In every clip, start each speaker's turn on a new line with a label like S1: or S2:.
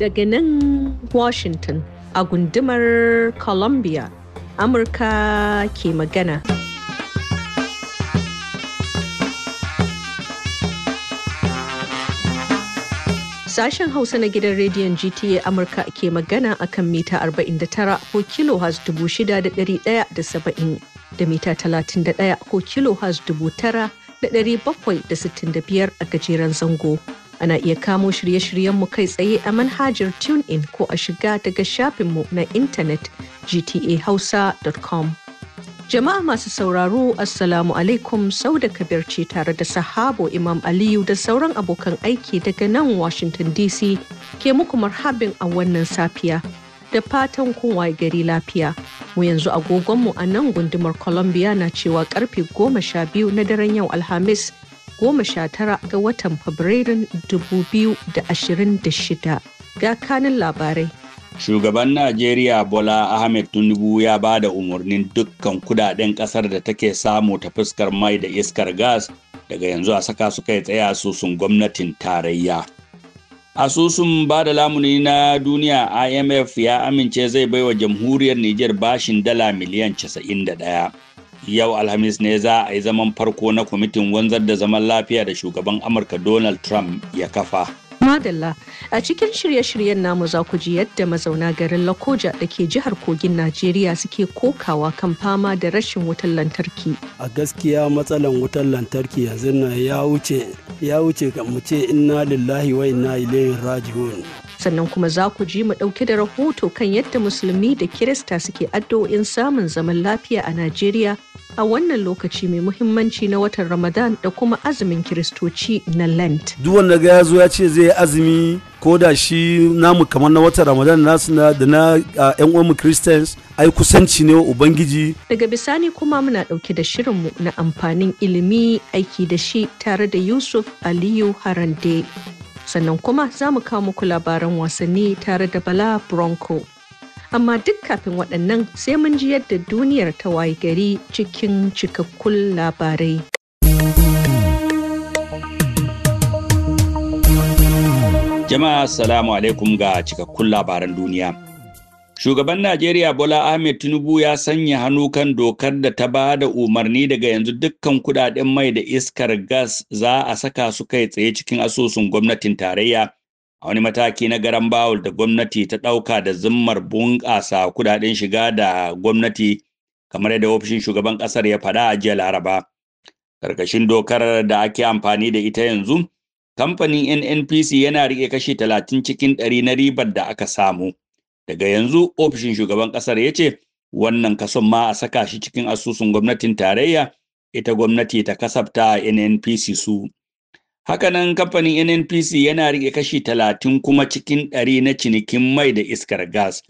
S1: Daga nan Washington a gundumar Columbia, Amurka ke magana. Sashen Hausa na gidan rediyon GTA Amurka ke magana akan mita 49 ko kilo has 6,170 da mita 31 ko kilo has 9,000 biyar a gajeren zango. Ana iya kamo shirye-shiryenmu kai tsaye a manhajar in ko a shiga daga shafinmu na intanet gtahausa.com. Jama'a masu sauraro, Assalamu alaikum sau da kabir ce tare da sahabo Imam Aliyu da sauran abokan aiki daga nan Washington DC ke muku marhabin a wannan safiya. da fatan kowa gari lafiya. Mu yanzu agogonmu a nan gundumar Columbia na cewa karfe goma sha biyu na daren yau Alhamis goma sha tara ga watan Fabrairun dubu biyu da ashirin da shida. Ga kanin labarai.
S2: Shugaban Najeriya Bola Ahmed Tinubu ya ba da umarnin dukkan kudaden kasar da take samu ta fuskar mai da iskar gas daga yanzu a saka su kai tsaya su sun gwamnatin tarayya. Asusun ba da lamuni na duniya IMF ya amince zai baiwa jamhuriyar Nijar bashin dala miliyan 91. Yau Alhamis ne za a yi zaman farko na kwamitin wanzar da zaman lafiya da shugaban Amurka Donald Trump ya kafa.
S1: Madalla a cikin shirye-shiryen namu za ku ji yadda mazauna garin Lakoja da ke jihar Kogin Najeriya suke kokawa kan fama da rashin wutar lantarki.
S3: A gaskiya matsalan wutar lantarki yanzu na ya wuce ya wuce ga mu ce inna lillahi wa inna ilaihi raji'un. sannan kuma
S1: za ku ji mu ɗauki da
S3: rahoto kan yadda musulmi da kirista suke addu'o'in samun zaman
S1: lafiya a Najeriya a wannan lokaci mai muhimmanci na watan Ramadan da kuma azumin Kiristoci na Lent.
S4: Duk wanda ga yazo ya ce zai azumi ko da shi namu kamar na watan Ramadan nasu na da na yan uwanmu Christians ai kusanci ne wa Ubangiji.
S1: Daga bisani kuma muna ɗauke da shirin mu na amfanin ilimi aiki da shi tare da Yusuf Aliyu Harande. Sannan kuma za mu kawo muku labaran wasanni tare da Bala Bronco. amma duk kafin waɗannan sai mun ji yadda duniyar ta waye gari cikin cikakkun labarai.
S2: Jama'a salamu alaikum ga cikakkun labaran duniya. Shugaban Najeriya Bola Ahmed Tinubu ya sanya hannu kan dokar da ta ba da umarni daga yanzu dukkan kudaden mai da iskar gas za a saka su kai tsaye cikin asusun gwamnatin tarayya. a wani mataki na garan bawul da gwamnati ta ɗauka da zimmar bunƙasa kudaden shiga da gwamnati kamar yadda ofishin shugaban ƙasar ya faɗa a jiya laraba karkashin dokar da ake amfani da ita yanzu kamfanin nnpc yana rike kashi talatin cikin ɗari na ribar da aka samu daga yanzu ofishin shugaban ƙasar ya ce wannan kason ma a saka shi cikin asusun gwamnatin tarayya ita gwamnati ta kasafta nnpc su Hakanan kamfanin NNPC yana rike kashi talatin kuma cikin ɗari na cinikin mai da iskar gas,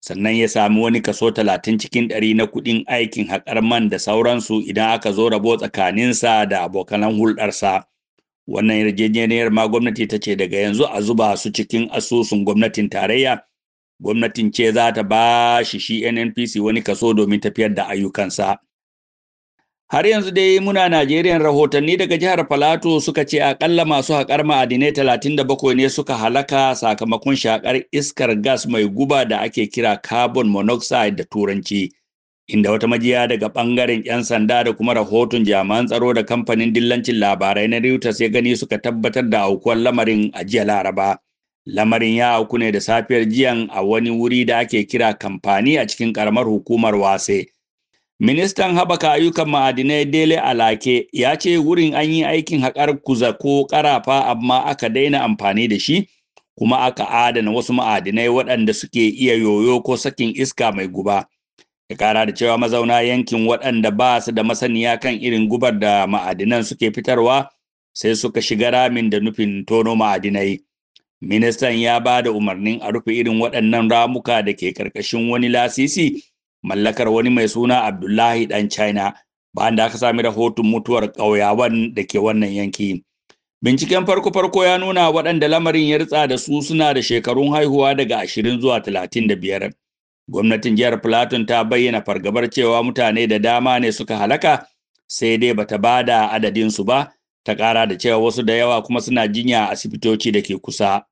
S2: sannan ya sami wani kaso talatin cikin ɗari na kuɗin aikin haƙar man da sauransu idan aka zo rabo tsakaninsa da abokanan hulɗarsa. Wannan yarjejeniyar ma gwamnati ta ce daga yanzu a zuba su cikin asusun gwamnatin tarayya, gwamnatin ce za ta ba shi shi NNPC wani kaso domin tafiyar da ayyukansa. Har yanzu dai muna Najeriya rahotanni daga jihar Filato suka ce akalla masu haƙar ma'adinai talatin da bakwai ne suka halaka sakamakon shakar iskar gas mai guba da ake kira carbon monoxide da turanci. Inda wata majiya daga ɓangaren 'yan sanda da kuma rahoton jami'an tsaro da kamfanin dillancin labarai na Reuters ya gani suka tabbatar da aukuwar lamarin a jiya Laraba. Lamarin ya auku ne da safiyar jiyan a wani wuri da ake kira kamfani a cikin ƙaramar hukumar wase. Ministan haɓaka ayyukan ma'adinai Dele Alake ya ce wurin an yi aikin haƙar kuza ko ƙarafa amma aka daina amfani da shi kuma aka adana wasu ma'adinai waɗanda suke iya yoyo ko sakin iska mai guba. Ya ƙara da cewa mazauna yankin waɗanda ba su da masaniya kan irin gubar da ma'adinan suke fitarwa sai suka shiga ramin da nufin tono ma'adinai. Ministan ya ba da umarnin a rufe irin waɗannan ramuka da ke ƙarƙashin wani lasisi. mallakar wani mai suna Abdullahi dan China bayan aka sami rahoton mutuwar ƙauyawan da ke wannan yanki. Binciken farko-farko ya nuna waɗanda lamarin ya ritsa da su suna da shekarun haihuwa daga 20 zuwa 35. Gwamnatin jihar Platon ta bayyana fargabar cewa mutane da dama ne suka halaka sai dai bata ba da adadinsu ba, ta ƙara da cewa wasu da yawa kuma suna jinya a asibitoci da ke kusa.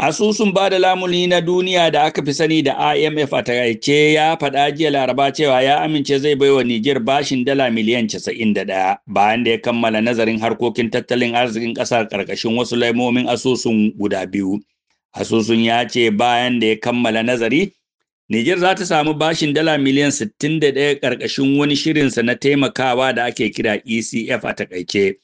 S2: Asusun ba da lamuni na duniya da aka fi sani da IMF a takaice ya faɗa jiya laraba cewa ya amince zai bai wa Nijar bashin dala miliyan 91 bayan da ya kammala nazarin harkokin tattalin arzikin ƙasar ƙarƙashin wasu laimomin asusun guda biyu. Asusun ya ce bayan da ya kammala nazari, Nijar za ta samu bashin dala miliyan 61 ƙarƙashin wani shirinsa na taimakawa da ake kira ECF a takaice.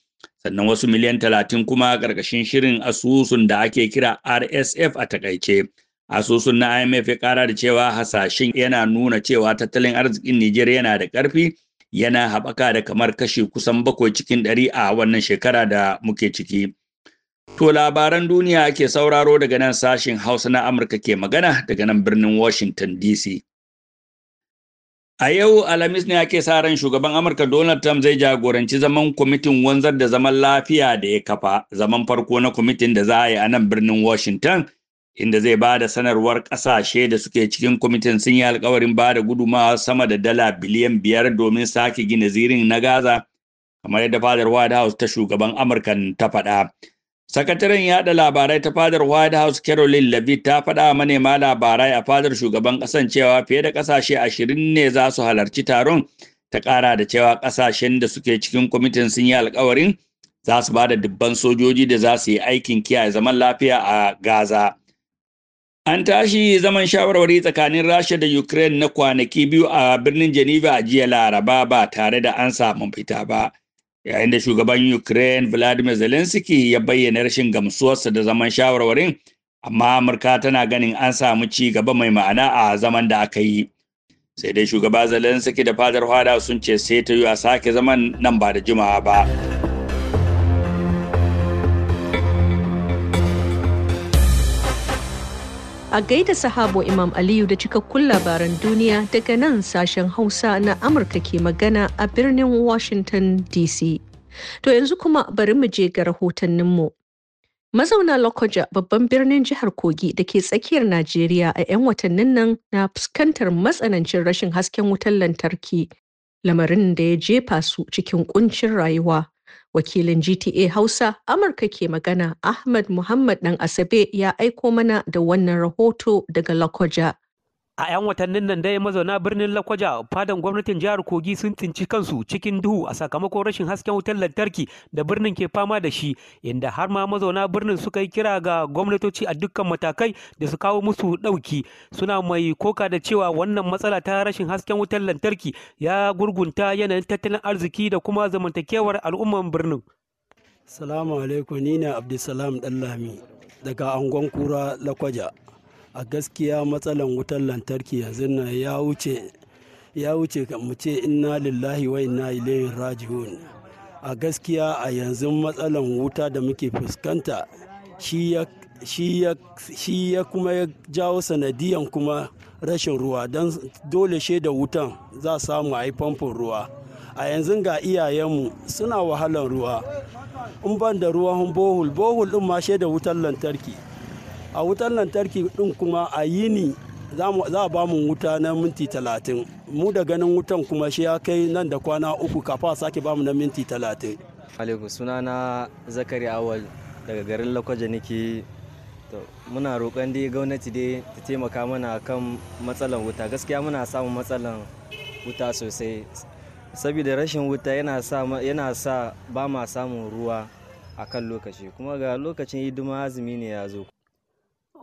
S2: sannan wasu miliyan talatin kuma ƙarƙashin shirin asusun da ake kira rsf a takaice asusun na imf ya ƙara da cewa hasashen yana nuna cewa tattalin arzikin nijar yana da ƙarfi yana haɓaka da kamar kashi kusan bakwai cikin ɗari a wannan shekara da muke ciki to labaran duniya ake sauraro daga nan sashen hausa na amurka ke magana daga nan birnin washington dc A yau Alhamis ne ake sa ran shugaban Amurka Donald Trump zai jagoranci zaman kwamitin wanzar da zaman lafiya da ya kafa zaman farko na kwamitin da za a yi a nan birnin Washington inda zai ba da sanarwar ƙasashe da suke cikin kwamitin sun yi alkawarin ba da gudumawa sama da dala biliyan biyar domin sake gina zirin na Gaza kamar yadda fadar White House ta shugaban Amurka ta faɗa. Sakataren yaɗa labarai ta fadar White House Caroline Levitt ta faɗa manema labarai a fadar shugaban ƙasan cewa fiye da ƙasashe ashirin ne za su halarci taron ta ƙara da cewa ƙasashen da suke cikin kwamitin sun yi alkawarin za su ba da dubban sojoji da za su yi aikin kiyaye zaman lafiya a Gaza. An tashi zaman shawarwari tsakanin Rasha da Ukraine na kwanaki biyu a birnin Geneva a jiya Laraba ba tare da an samu fita ba. yayin da shugaban ukraine vladimir zelensky ya bayyana rashin gamsuwarsa da zaman shawarwarin amma amurka tana ganin an samu ci gaba mai ma'ana a zaman da aka yi sai dai shugaba zelensky da fadar hada sun ce sai ta yi a sake zaman nan ba da jimawa ba
S1: A gaida sahabo Imam Aliyu da cikakkun labaran duniya daga nan sashen Hausa na Amurka ke magana a birnin Washington DC. To yanzu kuma bari mu je ga rahotanninmu. Mazauna Lokoja babban birnin jihar Kogi da ke tsakiyar Najeriya a 'yan watannin nan na fuskantar matsanancin rashin hasken wutar lantarki, lamarin da ya jefa su cikin kuncin rayuwa. wakilin GTA Hausa Amurka ke magana Ahmad Muhammad ɗan Asabe ya aiko mana da wannan rahoto daga Lokoja.
S5: A 'yan watannin nan dai mazauna birnin Lakwaja fadan gwamnatin jihar Kogi sun tsinci kansu cikin duhu a sakamakon rashin hasken wutar lantarki da birnin ke fama da shi inda har ma mazauna birnin suka yi kira ga gwamnatoci a dukkan matakai da su kawo musu ɗauki suna mai koka da cewa wannan matsala ta rashin hasken wutar lantarki ya gurgunta yanayin tattalin arziki da kuma zamantakewar al'umman birnin.
S3: Salamu alaikum ni ne Abdulsalam Ɗanlami daga Angon Kura Lakwaja. a gaskiya matsalan wutar lantarki yanzu na ya wuce ya wuce mu ce inna lillahi wa inna ilaihi raji'un a gaskiya a yanzu matsalan wuta da muke fuskanta shi ya kuma ya jawo sanadiyan kuma rashin ruwa don dole da wutan za samu a yi famfon ruwa a yanzu ga iyayenmu suna wahalan ruwa in ban da ruwan bohul bohul din ma da wutar lantarki a wutar lantarki din kuma a yini za a ba mu wuta na minti talatin mu da ganin wutan kuma shi ya kai nan da kwana uku kafa sake bamu mu na minti talatin alaikum na zakari awal daga garin lakwaje nake muna roƙon dai gwamnati dai ta taimaka mana kan matsalan wuta gaskiya muna samun matsalan wuta sosai saboda rashin wuta yana sa ba ma samun ruwa a kan lokaci kuma ga lokacin hidima azumi ne ya zo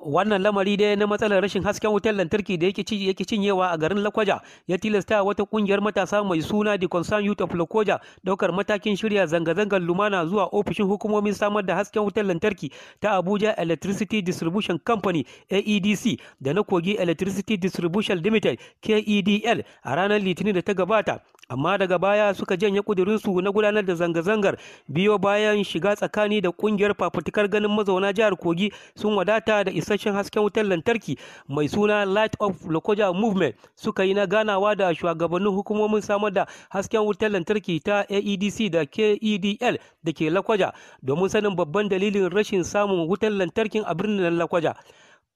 S5: wannan lamari dai na matsalar rashin hasken wutar lantarki da yake cinyewa a garin lakwaja ya tilasta wata kungiyar matasa mai suna the concern youth of lakwaja daukar matakin shirya zanga-zangar lumana zuwa ofishin hukumomin samar da hasken wutar lantarki ta abuja electricity distribution company aedc da na kogi electricity distribution limited kedl a ranar litinin da ta gabata amma daga baya suka janye kudurinsu na gudanar da zanga-zangar biyo bayan shiga tsakani da kungiyar fafutukar ganin mazauna jihar kogi sun wadata da isasshen hasken wutar lantarki mai suna light of lokoja movement suka yi na ganawa da shugabannin hukumomin samar da hasken wutar lantarki ta aedc da kedl da ke lakwaja domin sanin babban dalilin rashin samun wutar lantarkin a birnin lakwaja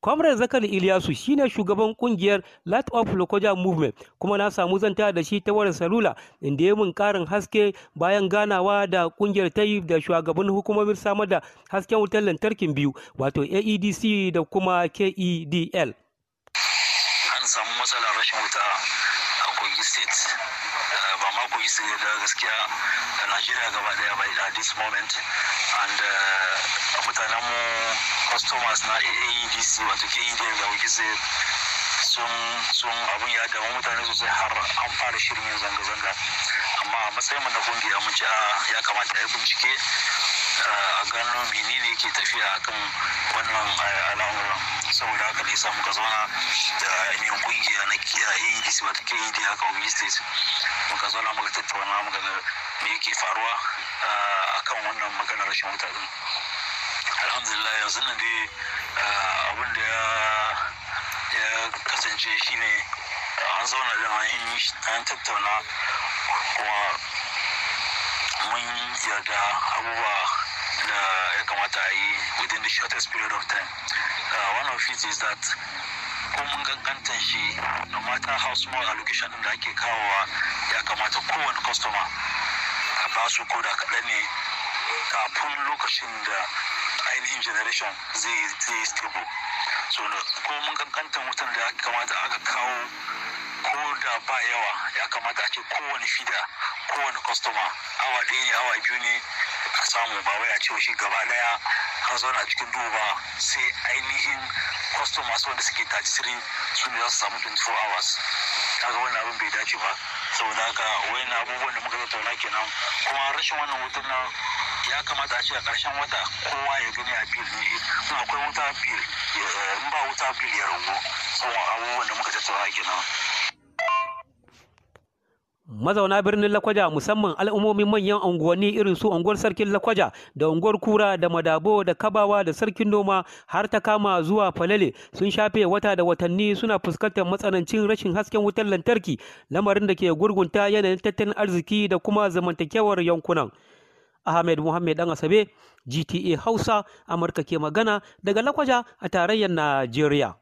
S5: Comrade Zakari Ilyasu shine shugaban kungiyar Light of Lokoja Movement kuma na samu zanta da shi ta wurin salula inda ya mun karin haske bayan ganawa da kungiyar ta yi da shugaban hukumomin samar da hasken wutar lantarkin biyu wato AEDC da kuma KEDL.
S6: An samu matsalar rashin wuta a Kogi State eh, ba ma Kogi State da gaskiya Najeriya gaba daya by this moment and eh, mutanenmu customers na aedc wato ked da wuce sun sun abun ya damu mutane sosai har an fara shirin yin zanga-zanga amma a matsayin na kungiya mun ci ah, ya kamata a yi bincike ah, a gano menene ke tafiya akan wannan eh, al'amuran saboda haka ne samu ka zauna da ainihin kungiya na kiyaye wato wata e haka wani state muka zauna muka tattauna muka me yake faruwa akan ah, wannan maganar rashin wuta alhamdulillah yanzu nan dai ah, abin da ya kasance shine ah, an zauna da an yi an tattauna kuma mun yarda abubuwa da ya kamata a yi within the shortest period of time ah, one of it is that ko mun gangantan shi no matter how small allocation da ake kawowa ya kamata kowane customer a basu ko da kaɗan ne kafin lokacin da new generation zai yi stable so ko mun kankantar wutan da kamata aka kawo ko da ba yawa ya kamata a ce kowane fida kowane kwastoma awa ɗaya ne awa biyu ne a samu ba wai a ce shi gaba daya an zauna cikin duhu ba sai ainihin kwastoma su wanda suke tajisiri su ne za su samu 24 hours kaga wani abin bai dace ba saboda haka wani abubuwan da muka tattauna kenan kuma rashin wannan wutan na. ya kamata a ce a ƙarshen wata kowa ya gani a bil ne in akwai wuta bil in ba wuta bil ya rungu saboda abubuwan da muka tattauna kenan
S5: mazauna birnin lakwaja musamman al'ummomin manyan unguwanni irin su unguwar sarkin lakwaja da unguwar kura da madabo da kabawa da sarkin noma har ta kama zuwa falele sun shafe wata da watanni suna fuskantar matsanancin rashin hasken wutar lantarki lamarin da ke gurgunta yanayin tattalin arziki da kuma zamantakewar yankunan Ahmed Muhammad Dan Asabe, GTA Hausa, Amurka ke magana daga Lakwaja a tarayyar Najeriya.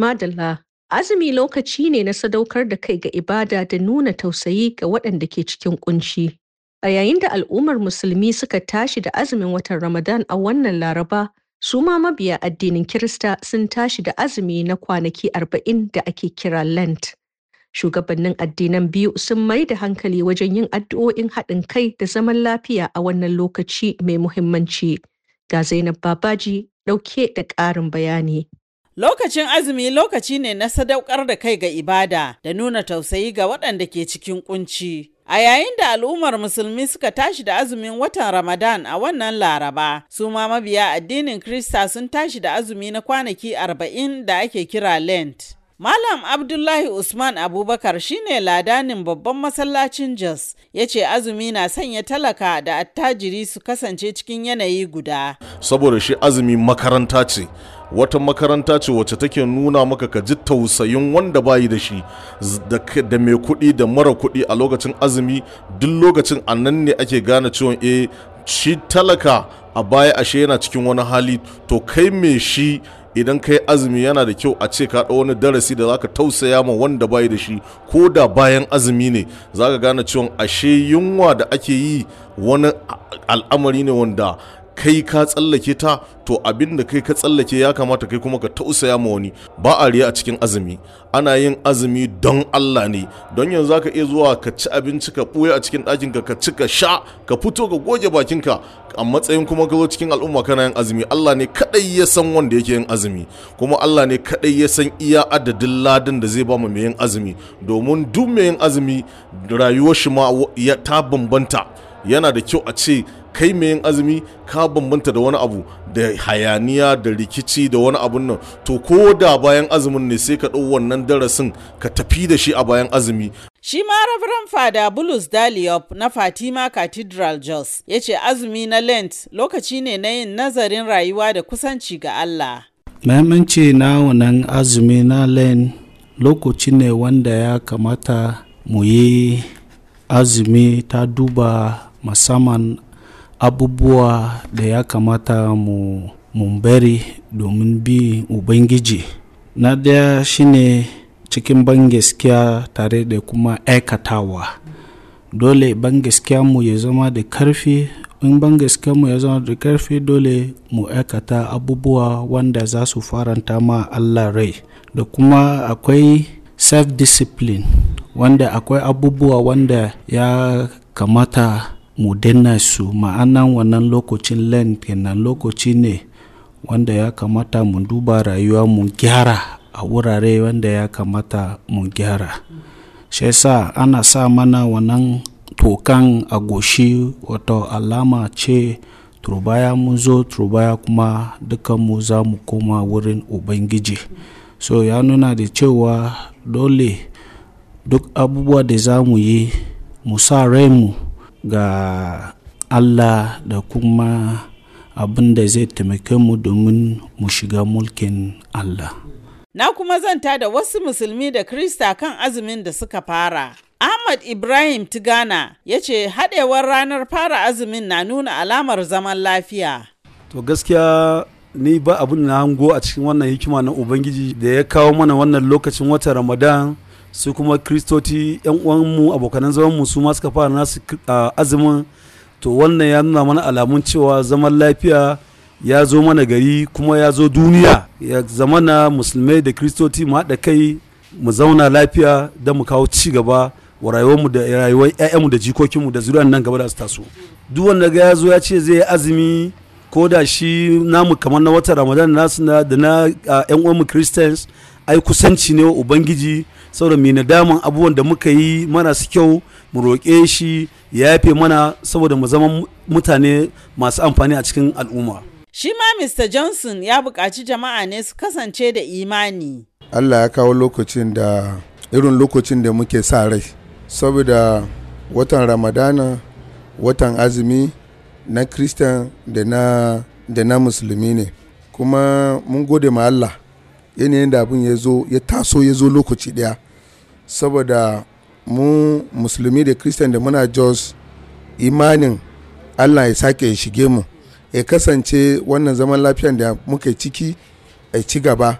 S1: Madalla, azumi lokaci ne na sadaukar da kai ga ibada da nuna tausayi ga waɗanda ke cikin kunci. A yayin da al'ummar musulmi suka tashi da azumin watan Ramadan a wannan Laraba, su ma mabiya addinin Kirista sun tashi da azumi na kwanaki arba'in da ake kira Lent. Shugabannin addinan biyu sun mai da hankali wajen yin addu'o'in haɗin kai da zaman lafiya a wannan lokaci mai muhimmanci. Ga Zainab Babaji ɗauke da ƙarin bayani.
S7: Lokacin azumi lokaci ne na sadaukar da kai ga ibada da nuna tausayi ga waɗanda ke cikin kunci. A yayin da al'ummar musulmi suka tashi da azumin watan Ramadan a wannan laraba, su ma mabiya addinin Krista sun tashi da azumi na kwanaki arba'in da ake kira Lent. Malam Abdullahi Usman Abubakar shine ladanin babban masallacin Jos ya ce azumi na sanya talaka da attajiri su kasance cikin yanayi guda.
S8: Saboda shi azumi makaranta ce, wata makaranta ce wacce take nuna maka ka ji tausayin wanda bayi da shi da mai kuɗi da mara kuɗi a lokacin azumi duk lokacin annan ne ake gane ciwon e eh, shi talaka a baya ashe yana cikin wani hali to kai mai shi idan kai azumi yana da kyau a ce ka ɗau wani darasi da zaka tausaya ma wanda bai da shi ko da bayan azumi ne zaka gane cewa ashe yunwa da ake yi wani al'amari ne wanda kai ka tsallake ta to abin da kai ka tsallake ya kamata kai kuma ka tausaya ma wani ba a riya a cikin azumi ana yin azumi don Allah ne don yanzu zaka iya zuwa ka ci abinci ka ɓoye a cikin ɗakin ka ka ci ka sha ka fito ka goge bakin ka a matsayin kuma ka zo cikin al'umma kana yin azumi Allah ne kadai ya san wanda yake yin azumi kuma Allah ne kadai ya san iya adadin Ladin da zai ba mu yin azumi domin duk mai yin azumi rayuwar shi ma ya ta bambanta yana da kyau a ce kai mai yin azumi ka bambanta da wani abu da hayaniya da rikici da wani abun nan to ko da bayan azumin ne sai ka ɗau wannan darasin ka tafi da shi a bayan azumi
S7: Shi ma Reverend Fada Bulus Daliop na Fatima Cathedral Jos ya ce azumi na Lent lokaci ne na yin nazarin rayuwa da kusanci ga Allah.
S9: Mahimmanci na wannan azumi na Lent lokaci ne wanda ya kamata mu yi azumi ta duba musamman abubuwa da ya kamata mu bari domin bi ubangiji na daya shine cikin ban gaskiya tare da kuma aikatawa dole ban mu ya zama da karfi in ban mu ya zama da karfi dole mu aikata abubuwa wanda za su faranta ma allah rai da kuma akwai self-discipline wanda akwai abubuwa wanda ya kamata mu dena su ma'anan wannan lokacin len kenan lokaci ne wanda ya kamata mu duba rayuwa mu gyara a wurare wanda ya kamata mu gyara shi sa ana sa mana wannan tokan a goshi wato alama ce turbaya mun zo turbaya kuma dukan mu za mu koma wurin ubangiji so ya nuna da cewa dole duk abubuwa da za mu yi mu sa mu ga Allah da kuma abin da zai taimake mu domin mu shiga mulkin Allah.
S7: Na kuma zanta da wasu musulmi da Krista kan azumin da suka fara. Ahmad Ibrahim Tigana ya ce haɗewar ranar fara azumin na nuna alamar zaman lafiya.
S4: To gaskiya ni ba abin na hango a cikin wannan hikima na Ubangiji da ya kawo mana wannan lokacin watan Ramadan su kuma kristoti yan uwanmu abokanan zamanmu su ma suka fara nasu azumin to wannan ya nuna mana alamun cewa zaman lafiya ya zo mana gari kuma ya zo duniya ya zamana musulmai da kristoti mu haɗa kai mu zauna lafiya da mu kawo ci gaba wa rayuwarmu da rayuwar ƴaƴanmu da jikokinmu da zuriyar nan gaba da su taso duk wanda ga ya zo ya ce zai yi azumi ko da shi namu kamar na watan ramadan nasu da na yan uwanmu christians ai kusanci ne wa ubangiji saboda mai nadaman abubuwan da muka yi su kyau mu roƙe shi ya yafe mana saboda mu zama mutane masu amfani a cikin al'umma
S7: shi ma mr johnson ya buƙaci jama'a ne su kasance da imani
S4: allah ya kawo lokacin da irin lokacin da muke sa rai saboda watan ramadana watan azumi na kristan da na da na musulmi ne kuma mun gode ma Allah yanayin da abin ya zo ya taso ya zo lokaci daya. saboda mu musulmi da kristiyan da muna jos imanin allah ya sake ya shige mu ya kasance wannan zaman lafiyan da muka ciki ya ci gaba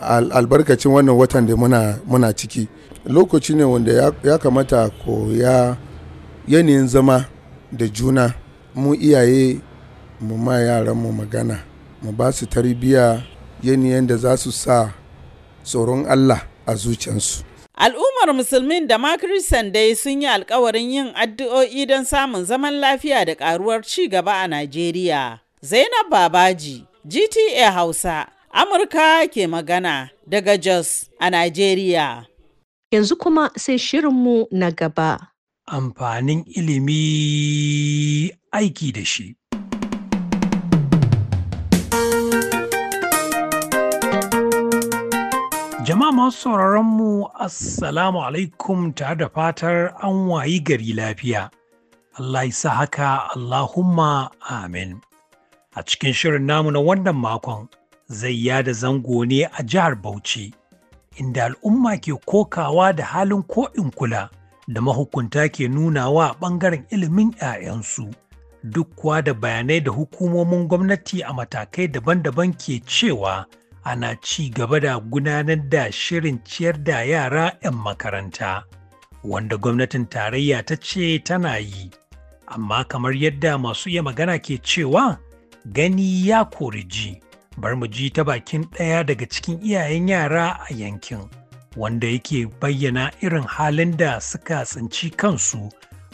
S4: albarkacin wannan watan da muna, ciki lokaci ne wanda ya, ya kamata ya yanayin zama da juna mu iyaye mu ma yaran mu magana mu ba su tarbiya yanayin da za su sa tsoron allah a zuciyarsu
S7: Al'ummar musulmin da ma dai sun yi alkawarin yin addu'o'i don samun zaman lafiya da karuwar ci gaba a Najeriya. Zainab Babaji, GTA Hausa, Amurka ke magana daga Jos a Najeriya.
S1: Yanzu kuma sai shirinmu na gaba.
S10: Amfanin ilimi aiki da shi. Jama'a masu sauraron mu Assalamu alaikum tare da fatar an wayi gari lafiya. Allah sa haka Allahumma amin. A cikin shirin namu na wannan makon zai yada zango ne a jihar Bauchi, inda al'umma ke kokawa da halin ko'in kula da mahukunta ke nuna wa ɓangaren ilimin 'ya'yansu. Duk kuwa da bayanai da hukumomin gwamnati a matakai daban-daban ke cewa ana ci gaba da gudanar da shirin ciyar da yara 'yan makaranta wanda gwamnatin tarayya ta ce tana yi amma kamar yadda masu iya magana ke cewa gani ya kori ji bar mu ji ta bakin ɗaya daga cikin iyayen yara a yankin wanda yake bayyana irin halin da suka tsinci kansu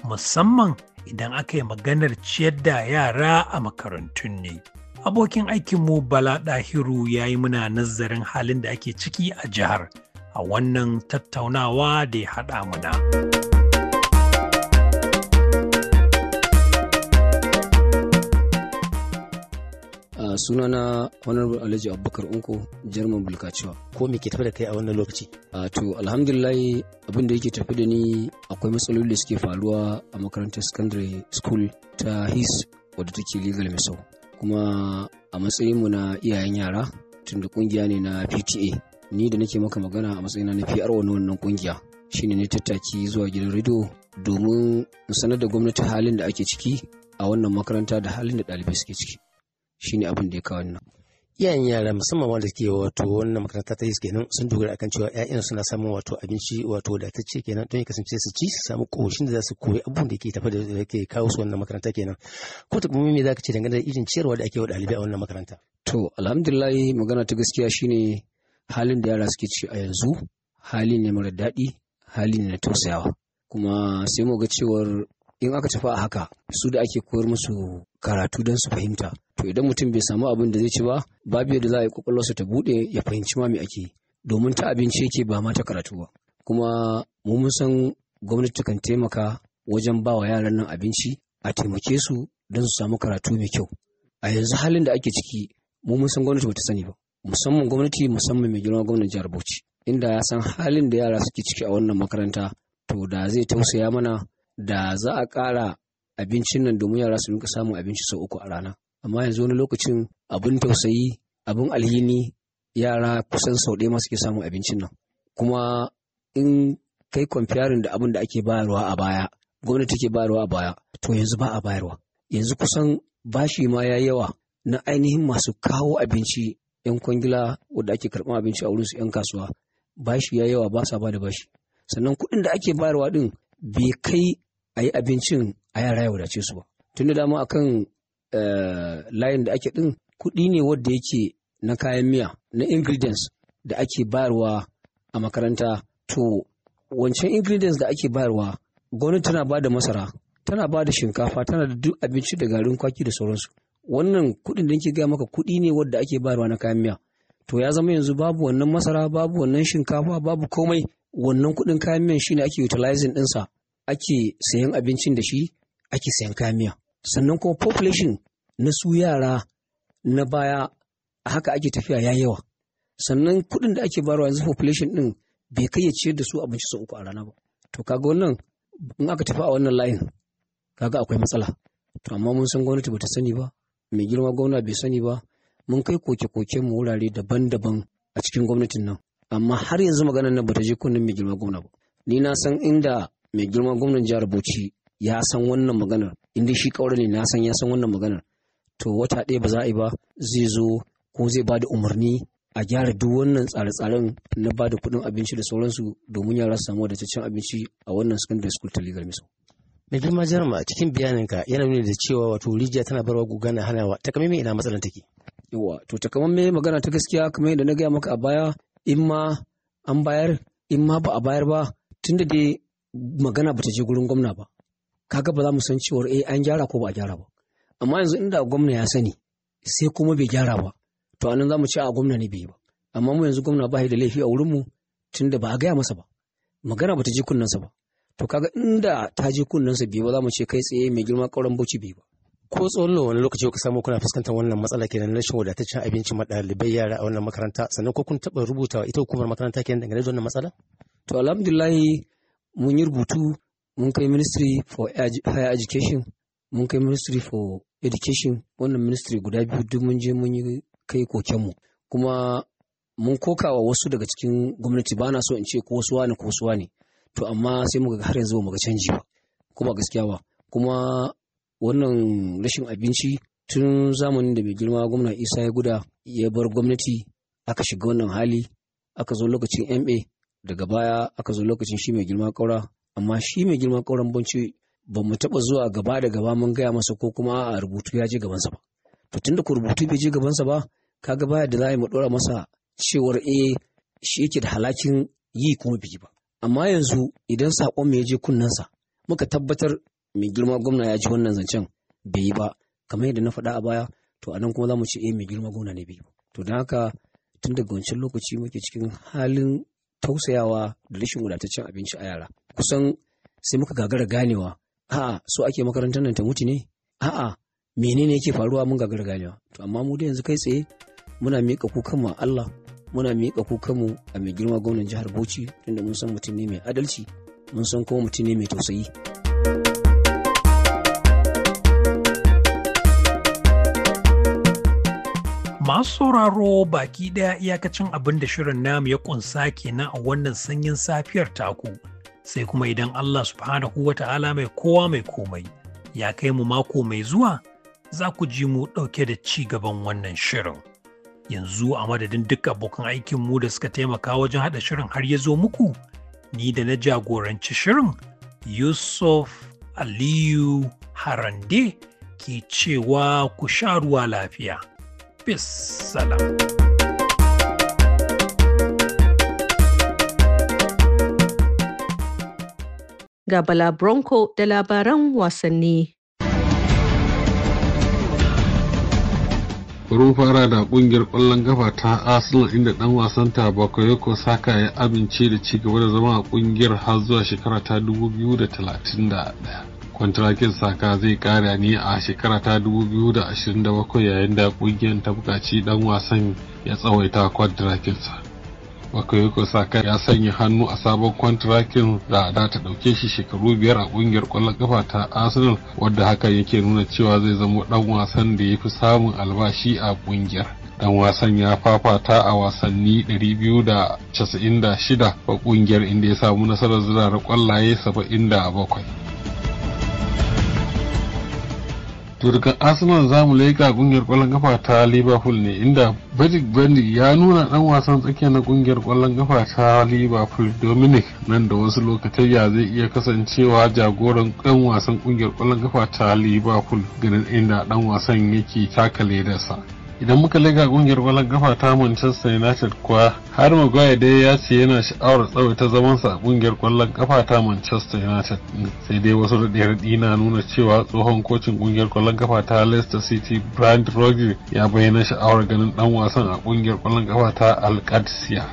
S10: musamman idan aka yi maganar ciyar da yara a makarantun ne. Abokin aikinmu Bala Ɗahiru ya yi muna nazarin halin da ake ciki a jihar a wannan tattaunawa da ya haɗa muna.
S11: sunana honorable alhaji abubakar unko jerman bulkacewa ko me ke tafi da kai a wannan lokaci a to alhamdulillah, abin da yake tafi da ni akwai matsaloli da suke faruwa a makarantar secondary school ta his wadda take legal misau kuma a matsayinmu na iyayen yara tunda kungiya ne na PTA ni da nake maka magana a matsayina na PR na wannan kungiya shine ne tattaki zuwa gidan rediyo domin in sanar da gwamnati halin da ake ciki a wannan makaranta da halin da ɗalibai suke ciki shine abin da ya kawo iyayen yara musamman wanda ke wato wannan makaranta ta kenan sun dogara akan cewa ƴaƴan suna samun wato abinci wato da ta ce kenan don ya kasance su ci su samu koshin da za su koyi abubuwan da ke tafi da ke kawo su wannan makaranta kenan ko ta kuma me za ka ce dangane da irin ciyarwa da ake wa ɗalibai a wannan makaranta. to alhamdulillah magana ta gaskiya shine halin da yara suke ci a yanzu hali ne mara daɗi hali ne na tausayawa kuma sai mu ga cewar in aka tafi a haka su da ake koyar musu karatu don su fahimta to idan mutum bai samu abin da zai ci ba babu yadda za a yi kwakwalwarsa ta buɗe ya fahimci ma me ake domin ta abinci yake ba ma ta karatu ba kuma mu mun san gwamnati kan taimaka wajen ba wa yaran nan abinci a taimake su don su samu karatu mai kyau a yanzu halin da ake ciki mu mun san gwamnati bata sani ba musamman gwamnati musamman mai girma gwamnan jihar Bauchi inda ya san halin da yara suke ciki a wannan makaranta to da zai tausaya mana da za a ƙara abincin nan domin yara su rinka samun abinci sau uku a rana amma yanzu wani lokacin abin tausayi abin alhini yara kusan sau ɗaya masu ke samun abincin nan kuma in kai kwamfiyarin da abin da ake bayarwa a baya gwamnati ke bayarwa a baya to yanzu ba a bayarwa yanzu kusan bashi ma ya yawa na ainihin masu kawo abinci yan kwangila wadda ake karɓar abinci a wurin su yan kasuwa bashi ya yawa ba sa ba da bashi sannan kuɗin da ake bayarwa ɗin bai kai a yi abincin a yara ya wadace su ba tun da dama akan Eh, layin da ake ɗin kuɗi ne wadda yake na kayan miya na ingredients da ake bayarwa a makaranta to wancan ingredients da ake bayarwa gwamnati tana ba da masara tana ba da shinkafa tana da duk abinci da garin kwaki da sauransu wannan kuɗin da nake gaya maka kuɗi ne wadda ake bayarwa na kayan miya to ya zama yanzu babu wannan masara babu wannan shinkafa babu komai wannan kuɗin kayan miyan shine ake utilizing ɗinsa ake sayan abincin da shi ake sayan kayan miya sannan kuma population na su yara na baya a haka ake tafiya ya yawa sannan kuɗin da ake bayarwa yanzu population ɗin bai kai ya ciyar da su abinci sau uku a rana ba to kaga wannan in aka tafi a wannan layin kaga akwai matsala to amma mun san gwamnati bata sani ba mai girma gwamna bai sani ba mun kai koke koke mu wurare daban-daban a cikin gwamnatin nan amma har yanzu maganar nan bata je kunnen mai girma gwamna ba ni na san inda mai girma gwamnan jihar Bauchi ya san wannan maganar in dai shi kaura ne na san ya san wannan maganar to wata ɗaya ba za a yi ba zai zo ko zai ba da umarni a gyara duk wannan tsare-tsaren na ba da kuɗin abinci da sauransu domin yara su samu wadataccen abinci a wannan secondary school ta legal miso. mai girma jarma a cikin bayaninka yana nuna da cewa wato rijiya tana barwa guga na ta kamar ina matsalar take. yawa to ta takamaimai magana ta gaskiya kamar yadda na gaya maka a baya in ma an bayar in ma ba a bayar ba tunda dai magana bata je gurin gwamna ba kaga ba za mu san cewar eh an gyara ko ba a gyara ba amma yanzu inda gwamna ya sani sai kuma bai gyara ba to anan za mu ce a gwamna ne bai ba amma mu yanzu gwamna ba da laifi a wurinmu tunda ba a gaya masa ba magana ba ta ji kunnensa ba to kaga inda ta ji kunnensa bai ba za mu ce kai tsaye mai girma kauran bauchi bai ba ko tsawon wani lokaci kuka samu kuna fuskantar wannan matsala kenan rashin wadataccen abinci ma ɗalibai yara a wannan makaranta sannan ko kun taɓa rubuta ita hukumar makaranta kenan dangane da wannan matsala? To alhamdulillah mun yi rubutu mun kai ministry for higher education mun kai ministry for education wannan ministry guda biyu duk mun je mun yi kai kokenmu kuma mun kokawa wasu daga cikin gwamnati ba na so in ce ko wasu wani ko wasu wani to amma sai muka har yanzu muka canji ba kuma gaskiya ba kuma wannan rashin abinci tun zamanin da mai girma gwamna isa ya guda ya bar gwamnati aka shiga wannan hali aka zo lokacin ma daga baya aka zo lokacin shi mai girma kaura amma shi mai girma ƙauran banci ba mu taɓa zuwa gaba da gaba mun gaya masa ko kuma a rubutu ya je gabansa ba to tunda ku rubutu bai je gabansa ba kaga baya da za a yi mu ɗora masa cewar eh shi yake da halakin yi kuma biyu ba amma yanzu idan saƙon mai je kunnensa muka tabbatar mai girma gwamna ya ji wannan zancen bai yi ba kamar yadda na faɗa a baya to a nan kuma za mu ce eh mai girma gwamna ne bai ba to don haka tun daga wancan lokaci muke cikin halin tausayawa da rashin wadataccen abinci a yara kusan sai muka gagara ganewa a'a so ake makarantar nan ta mutu ne a'a menene yake faruwa mun gagara ganewa to amma mu da yanzu kai tsaye muna miƙa kukan mu Allah muna miƙa kukan mu a mai girma gwamnan jihar Bauchi tunda mun san mutum ne mai adalci mun san kuma mutum ne mai tausayi
S10: Masu sauraro baki ɗaya iyakacin abin da shirin namu ya ƙunsa kenan a wannan sanyin safiyar taku, sai kuma idan Allah subhanahu wa ta'ala mai kowa mai komai ya kai mu mako mai zuwa za ku ji mu ɗauke da ci gaban wannan shirin. Yanzu a madadin duk abokan mu da suka taimaka wajen haɗa shirin har ya zo muku, ni da na jagoranci shirin Yusuf Aliyu Harande ke cewa ku sha ruwa lafiya. Bisalam. ga
S1: Bala Bronco da labaran wasanni.
S12: Kurun fara da kungiyar ƙwallon gafa ta Arsenal inda ɗan wasan ta Bakayoko Saka ya amince da ci gaba da zama a kungiyar har zuwa shekara ta 2031. kwantrakin saka zai kara ne a shekara ta 2027 yayin da kungiyar ta bukaci dan wasan ya tsawaita kwantrakinsa bakayoko saka ya sanya hannu a sabon kwantrakin da da ta dauke shi shekaru biyar a kungiyar kwallon kafa ta arsenal wadda hakan yake nuna cewa zai zama dan wasan da ya fi samun albashi a kungiyar dan wasan ya fafata a wasanni 296 a kungiyar inda ya samu nasarar zirara kwallaye 77 turkan arsenal za mu leƙa kungiyar ƙwallon kafa ta liverpool ne inda Patrick Bendy ya nuna ɗan wasan tsakiya na kungiyar kwallon kafa ta liverpool dominic nan da wasu ya zai iya kasancewa jagoran ɗan wasan kungiyar kwallon kafa ta liverpool ganin inda ɗan wasan yake taka ledarsa idan muka lega kungiyar kwallon kafa ta manchester united kuwa har maguire dai ya ce yana sha'awar zaman sa a kungiyar kwallon kafa ta manchester united sai dai wasu raɗe-raɗi na nuna cewa tsohon kocin kungiyar kwallon kafa ta leicester city brand rodri ya bayyana sha'awar ganin dan wasan a kungiyar kwallon kafa ta alcadsia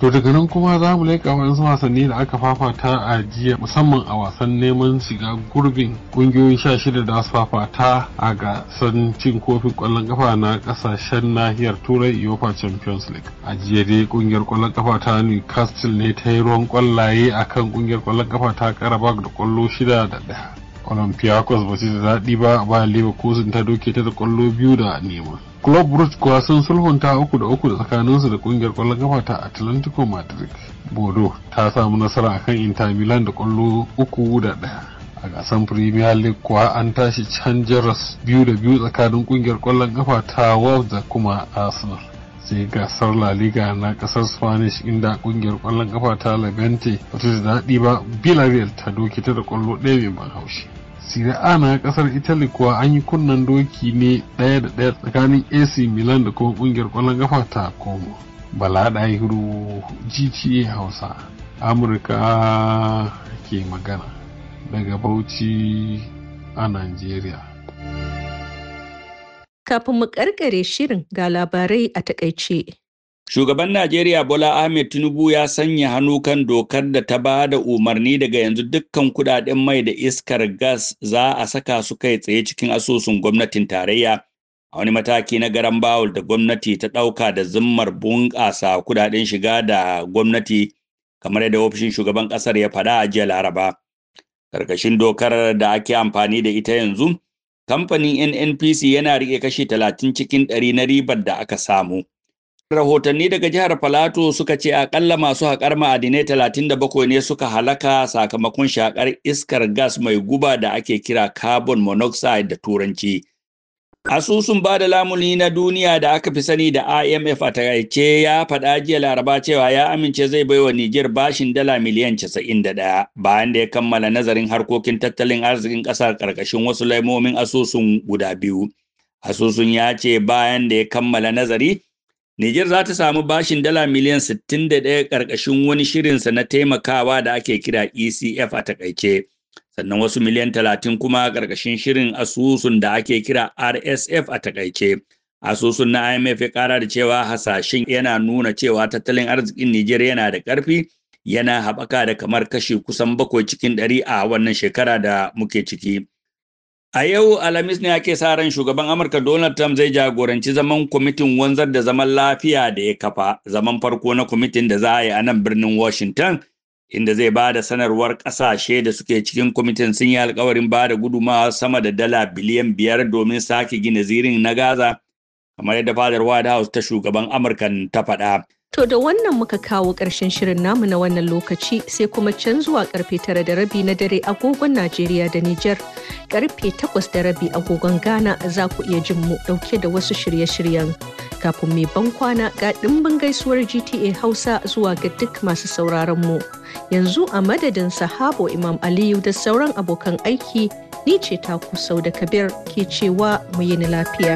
S12: To daga nan kuma za mu leƙa wasu wasanni da aka fafata a jiya musamman a wasan neman shiga gurbin ƙungiyoyin sha shida da su fafata a gasan cin kofin ƙwallon kafa na ƙasashen nahiyar Turai europa Champions League. A jiya dai ƙungiyar ƙwallon kafa ta Newcastle ne ta yi ruwan ƙwallaye a kan ƙungiyar ƙwallon kafa ta Karabag da ƙwallo shida da ɗaya. Olympiacos ba su da daɗi ba ba Leverkusen ta doke ta da ƙwallo biyu da nema. club brugge kuwa sun sulhunta uku da uku da tsakaninsu da kungiyar kwallon kafa ta atlantico madrid bodo ta samu nasara akan inter milan da kwallo uku da daya a gasar premier league kuwa an tashi can jaras biyu da biyu tsakanin kungiyar kwallon kafa ta wolves da kuma arsenal sai gasar la liga na kasar spanish inda kungiyar kwallon kafa ta levante ba ta daɗi ba villarreal ta doke ta da kwallo ɗaya mai ban haushi Serie A na kasar Italy kuwa an yi kunnen doki ne ɗaya da ɗaya tsakanin AC Milan da kuma ƙungiyar ƙwallon kafa ta Como. Bala Ɗahiru GTA Hausa, Amurka ke magana daga Bauchi a Najeriya.
S1: Kafin mu ƙarƙare shirin ga labarai a taƙaice.
S2: Shugaban Najeriya Bola Ahmed Tinubu ya sanya hannu kan dokar da ta ba da umarni daga yanzu dukkan kudaden mai da iskar gas za a saka su kai tsaye cikin asusun gwamnatin tarayya a wani mataki na garan bawul da gwamnati ta ɗauka da zimmar bunƙasa kudaden shiga da gwamnati kamar yadda ofishin shugaban ƙasar ya faɗa a jiya Laraba. Karkashin dokar da ake amfani da ita yanzu, kamfanin NNPC yana riƙe kashi talatin cikin ɗari na ribar da aka samu. rahotanni daga jihar falato suka ce akalla masu haƙar ma'adinai 37 ne suka halaka sakamakon shakar iskar gas mai guba da ake kira carbon monoxide da turanci. Asusun ba da lamuni na duniya da aka fi sani da IMF a taƙaice ya faɗa jiya laraba cewa ya amince zai baiwa Nijar bashin dala miliyan 91 bayan da ya kammala nazarin harkokin tattalin arzikin ƙasar ƙarƙashin wasu laimomin asusun guda biyu. Asusun ya ce bayan da ya kammala nazari Nijar za ta samu bashin dala miliyan 61 ƙarƙashin wani shirinsa na taimakawa da ake kira ECF a takaice, sannan wasu miliyan 30 kuma ƙarƙashin shirin asusun da ake kira RSF a takaice. Asusun na IMF ya ƙara da cewa hasashen yana nuna cewa tattalin arzikin Nijar yana da ƙarfi, yana haɓaka da kamar kashi kusan bakwai cikin ɗari a wannan shekara da muke ciki. A yau Alhamis ne ake sa ran shugaban Amurka Donald Trump zai jagoranci zaman kwamitin wanzar da zaman lafiya da ya kafa, zaman farko na kwamitin da za a yi a nan birnin Washington, inda zai ba da sanarwar ƙasashe da suke cikin kwamitin sun yi alkawarin ba da gudumawa sama da dala biliyan biyar domin sake gina zirin na Gaza, kamar yadda fadar White House ta shugaban Amurka ta faɗa.
S1: To da wannan muka kawo ƙarshen shirin namu na wannan lokaci sai kuma can zuwa karfe tara da rabi na dare agogon Najeriya da Nijar. Karfe takwas da rabi agogon Ghana za ku iya jin mu ɗauke da wasu shirye-shiryen. Kafin mai ban kwana ga ɗimbin gaisuwar GTA Hausa zuwa ga duk masu sauraron mu. Yanzu a madadin sahabo Imam Aliyu da sauran abokan aiki ni ce taku sau da kabir ke cewa mu yi lafiya.